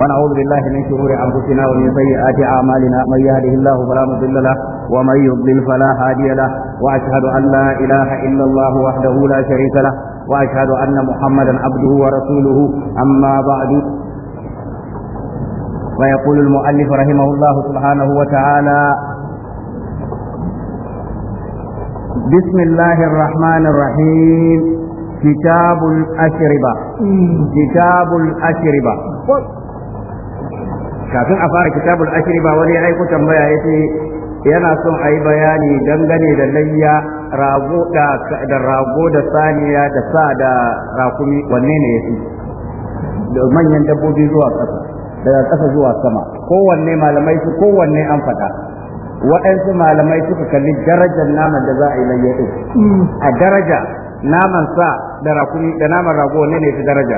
ونعوذ بالله من شرور انفسنا ومن سيئات اعمالنا من يهده الله فلا مضل له ومن يضلل فلا هادي له واشهد ان لا اله الا الله وحده لا شريك له واشهد ان محمدا عبده ورسوله اما بعد ويقول المؤلف رحمه الله سبحانه وتعالى بسم الله الرحمن الرحيم كتاب الأشربة كتاب الأشربة kafin a fara kitabul ashiri ba wani ya aiko tambaya ce yana son a yi bayani dangane da layya rago da rago da saniya da sa da rakumi wanne ne yafi da manyan dabbobi zuwa ƙasa daga ƙasa zuwa sama kowanne malamai su kowanne an faɗa waɗansu malamai suka kalli darajar naman da za a yi layya ɗin a daraja naman sa da rakumi da naman rago ne ne fi daraja